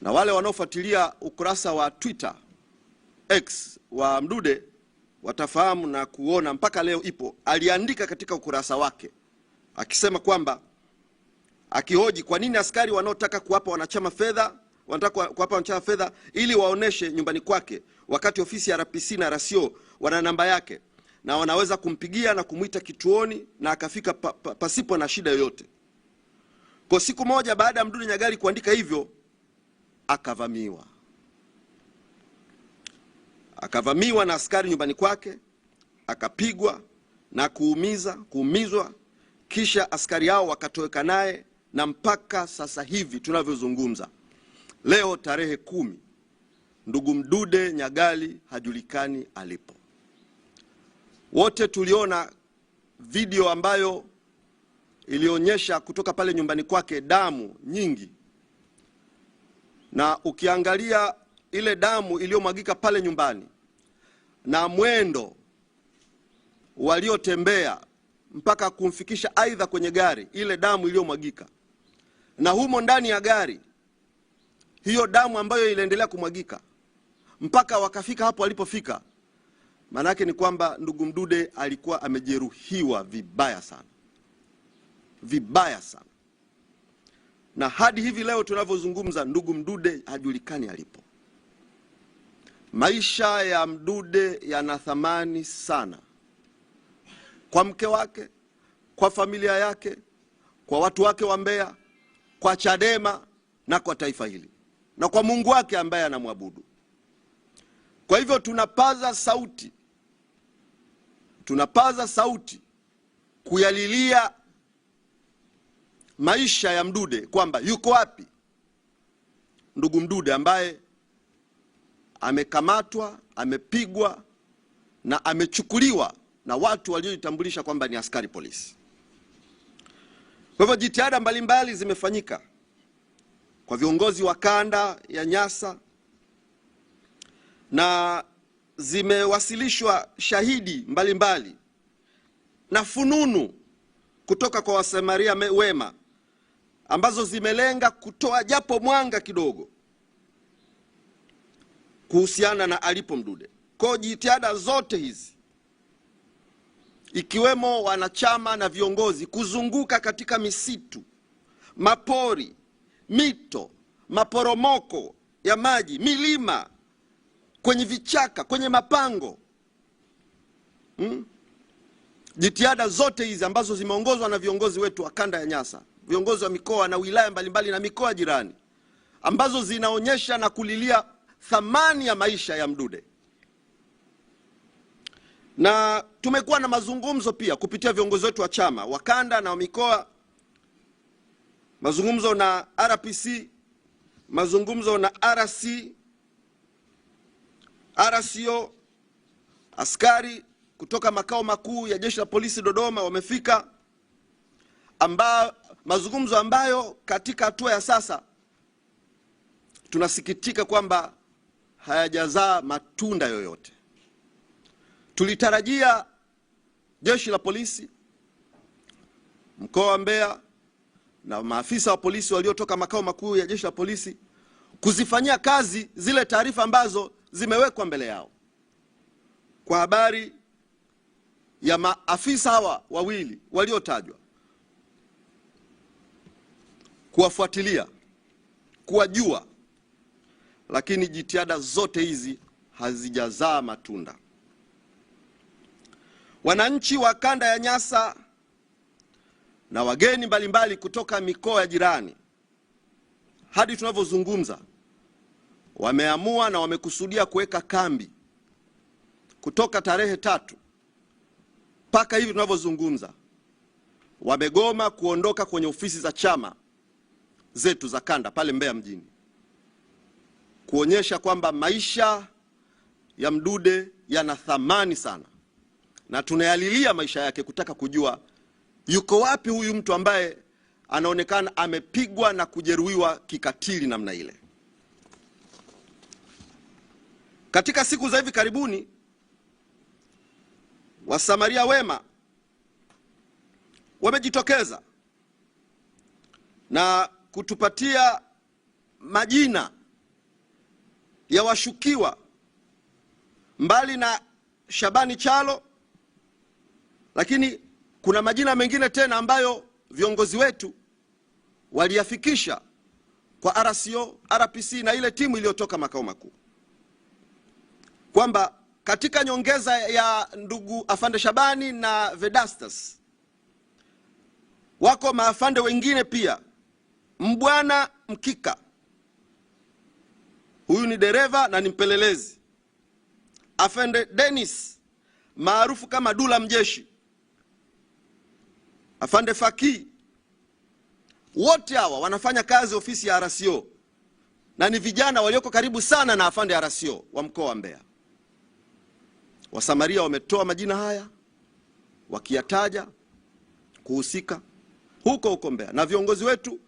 na wale wanaofuatilia ukurasa wa Twitter X wa Mdude watafahamu na kuona mpaka leo ipo. Aliandika katika ukurasa wake akisema kwamba akihoji kwa nini askari wanaotaka kuwapa wanachama fedha wanataka kuwapa wanachama fedha ili waoneshe nyumbani kwake, wakati ofisi ya RPC na rasio wana namba yake na wanaweza kumpigia na kumwita kituoni na akafika pa, pa, pasipo na shida yoyote. Kwa siku moja baada ya Mdude nyagari kuandika hivyo akavamiwa. Akavamiwa na askari nyumbani kwake, akapigwa na kuumiza kuumizwa, kisha askari hao wakatoweka naye, na mpaka sasa hivi tunavyozungumza leo tarehe kumi, ndugu Mdude Nyagali hajulikani alipo. Wote tuliona video ambayo ilionyesha kutoka pale nyumbani kwake damu nyingi na ukiangalia ile damu iliyomwagika pale nyumbani na mwendo waliotembea mpaka kumfikisha aidha kwenye gari, ile damu iliyomwagika na humo ndani ya gari, hiyo damu ambayo iliendelea kumwagika mpaka wakafika hapo walipofika, maanake ni kwamba ndugu Mdude alikuwa amejeruhiwa vibaya sana, vibaya sana na hadi hivi leo tunavyozungumza, ndugu Mdude hajulikani alipo. Maisha ya Mdude yana thamani sana kwa mke wake, kwa familia yake, kwa watu wake wa Mbeya, kwa Chadema na kwa taifa hili na kwa Mungu wake ambaye anamwabudu. Kwa hivyo tunapaza sauti, tunapaza sauti kuyalilia maisha ya Mdude kwamba yuko wapi ndugu Mdude ambaye amekamatwa, amepigwa na amechukuliwa na watu waliojitambulisha kwamba ni askari polisi. Kwa hivyo jitihada mbalimbali zimefanyika kwa viongozi wa kanda ya Nyasa na zimewasilishwa shahidi mbalimbali mbali na fununu kutoka kwa wasamaria wema ambazo zimelenga kutoa japo mwanga kidogo kuhusiana na alipo Mdude. Kwa jitihada zote hizi ikiwemo wanachama na viongozi kuzunguka katika misitu, mapori, mito, maporomoko ya maji, milima, kwenye vichaka, kwenye mapango hmm? Jitihada zote hizi ambazo zimeongozwa na viongozi wetu wa kanda ya Nyasa viongozi wa mikoa na wilaya mbalimbali na mikoa jirani ambazo zinaonyesha na kulilia thamani ya maisha ya Mdude, na tumekuwa na mazungumzo pia kupitia viongozi wetu wa chama wa kanda na wa mikoa, mazungumzo na RPC, mazungumzo na RC, RCO, askari kutoka makao makuu ya jeshi la polisi Dodoma wamefika amba, mazungumzo ambayo katika hatua ya sasa tunasikitika kwamba hayajazaa matunda yoyote. Tulitarajia jeshi la polisi mkoa wa Mbeya na maafisa wa polisi waliotoka makao makuu ya jeshi la polisi kuzifanyia kazi zile taarifa ambazo zimewekwa mbele yao. Kwa habari ya maafisa hawa wawili waliotajwa kuwafuatilia, kuwajua, lakini jitihada zote hizi hazijazaa matunda. Wananchi wa kanda ya Nyasa na wageni mbalimbali kutoka mikoa ya jirani, hadi tunavyozungumza, wameamua na wamekusudia kuweka kambi kutoka tarehe tatu mpaka hivi tunavyozungumza, wamegoma kuondoka kwenye ofisi za chama zetu za kanda pale Mbeya mjini kuonyesha kwamba maisha ya Mdude yana thamani sana, na tunayalilia maisha yake kutaka kujua yuko wapi huyu mtu ambaye anaonekana amepigwa na kujeruhiwa kikatili namna ile. Katika siku za hivi karibuni, Wasamaria wema wamejitokeza na kutupatia majina ya washukiwa mbali na Shabani Chalo, lakini kuna majina mengine tena ambayo viongozi wetu waliyafikisha kwa RCO, RPC na ile timu iliyotoka makao makuu kwamba katika nyongeza ya ndugu Afande Shabani na Vedastus wako maafande wengine pia Mbwana Mkika, huyu ni dereva na ni mpelelezi. Afende Dennis maarufu kama Dula Mjeshi, afande Faki, wote hawa wanafanya kazi ofisi ya RCO na ni vijana walioko karibu sana na afande RCO wa mkoa wa Mbeya. Wasamaria wametoa majina haya wakiyataja kuhusika huko huko Mbeya na viongozi wetu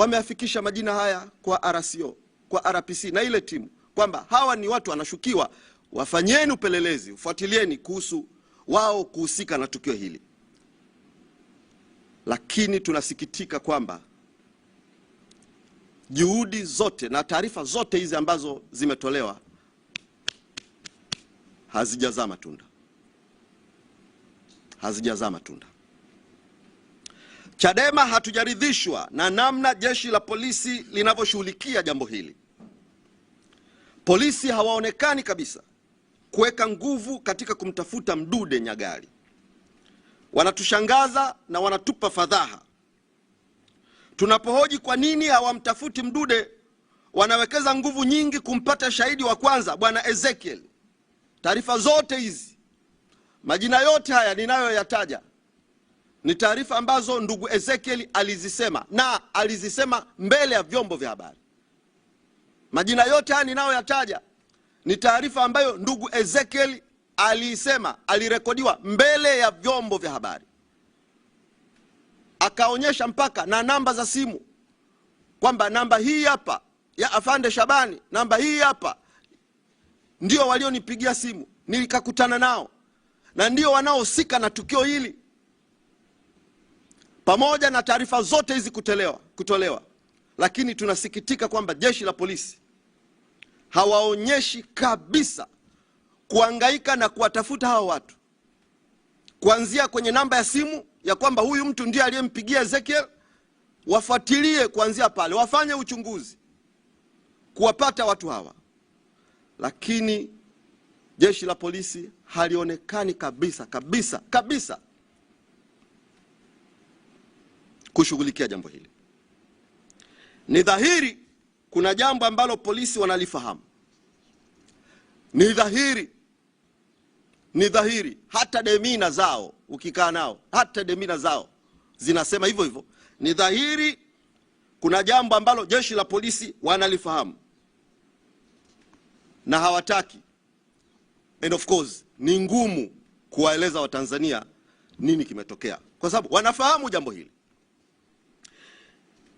wameafikisha majina haya kwa RCO, kwa RPC na ile timu kwamba hawa ni watu wanashukiwa, wafanyeni upelelezi, ufuatilieni kuhusu wao kuhusika na tukio hili. Lakini tunasikitika kwamba juhudi zote na taarifa zote hizi ambazo zimetolewa hazijazaa matunda, hazijazaa matunda. Chadema hatujaridhishwa na namna jeshi la polisi linavyoshughulikia jambo hili. Polisi hawaonekani kabisa kuweka nguvu katika kumtafuta Mdude Nyagali. Wanatushangaza na wanatupa fadhaha. Tunapohoji kwa nini hawamtafuti Mdude, wanawekeza nguvu nyingi kumpata shahidi wa kwanza, bwana Ezekiel. Taarifa zote hizi, majina yote haya ninayoyataja ni taarifa ambazo ndugu Ezekiel alizisema na alizisema mbele ya vyombo vya habari. Majina yote haya ninayoyataja ni taarifa ambayo ndugu Ezekiel aliisema, alirekodiwa mbele ya vyombo vya habari, akaonyesha mpaka na namba za simu kwamba namba hii hapa ya Afande Shabani, namba hii hapa ndio walionipigia simu, nilikakutana nao na ndio wanaohusika na tukio hili pamoja na taarifa zote hizi kutolewa, kutolewa, lakini tunasikitika kwamba jeshi la polisi hawaonyeshi kabisa kuangaika na kuwatafuta hawa watu, kuanzia kwenye namba ya simu ya kwamba huyu mtu ndiye aliyempigia Ezekiel, wafuatilie kuanzia pale, wafanye uchunguzi kuwapata watu hawa, lakini jeshi la polisi halionekani kabisa kabisa kabisa kushughulikia jambo hili. Ni dhahiri kuna jambo ambalo polisi wanalifahamu. Ni dhahiri, ni dhahiri, hata demina zao ukikaa nao, hata demina zao zinasema hivyo hivyo. Ni dhahiri kuna jambo ambalo jeshi la polisi wanalifahamu na hawataki, and of course ni ngumu kuwaeleza Watanzania nini kimetokea, kwa sababu wanafahamu jambo hili.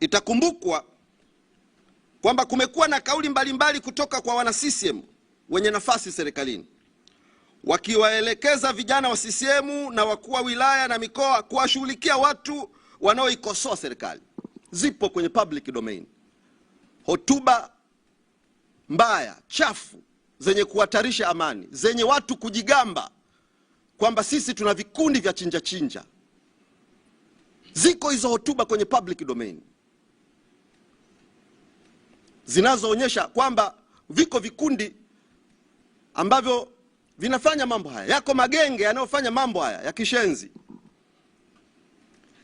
Itakumbukwa kwamba kumekuwa na kauli mbalimbali mbali kutoka kwa wana CCM wenye nafasi serikalini wakiwaelekeza vijana wa CCM na wakuu wa wilaya na mikoa kuwashughulikia watu wanaoikosoa serikali. Zipo kwenye public domain hotuba mbaya chafu zenye kuhatarisha amani, zenye watu kujigamba kwamba sisi tuna vikundi vya chinja chinja. Ziko hizo hotuba kwenye public domain zinazoonyesha kwamba viko vikundi ambavyo vinafanya mambo haya, yako magenge yanayofanya mambo haya ya kishenzi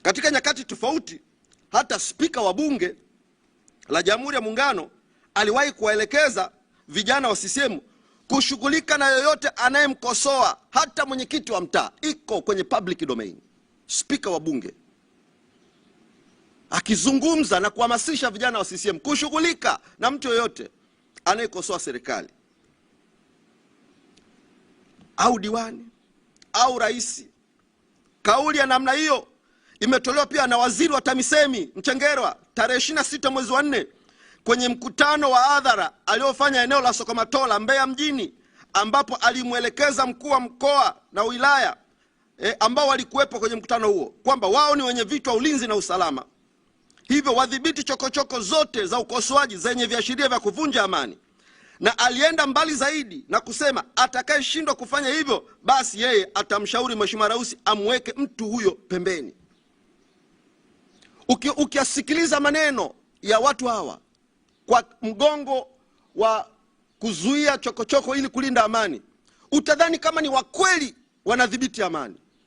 katika nyakati tofauti. Hata spika wa bunge la Jamhuri ya Muungano aliwahi kuwaelekeza vijana wa CCM kushughulika na yoyote anayemkosoa hata mwenyekiti wa mtaa. Iko kwenye public domain, spika wa bunge akizungumza na kuhamasisha vijana wa CCM kushughulika na mtu yoyote anayekosoa serikali au diwani au rais. Kauli ya namna hiyo imetolewa pia na waziri wa TAMISEMI Mchengerwa tarehe sita mwezi wa nne kwenye mkutano wa hadhara aliofanya eneo la Sokomatola Mbeya mjini, ambapo alimwelekeza mkuu wa mkoa na wilaya e, ambao walikuwepo kwenye mkutano huo kwamba wao ni wenye vitu wa ulinzi na usalama hivyo wadhibiti chokochoko zote za ukosoaji zenye viashiria vya kuvunja amani. Na alienda mbali zaidi na kusema atakayeshindwa kufanya hivyo, basi yeye atamshauri Mheshimiwa Rais amweke mtu huyo pembeni. Uki, ukiasikiliza maneno ya watu hawa kwa mgongo wa kuzuia chokochoko ili kulinda amani, utadhani kama ni wakweli wanadhibiti amani.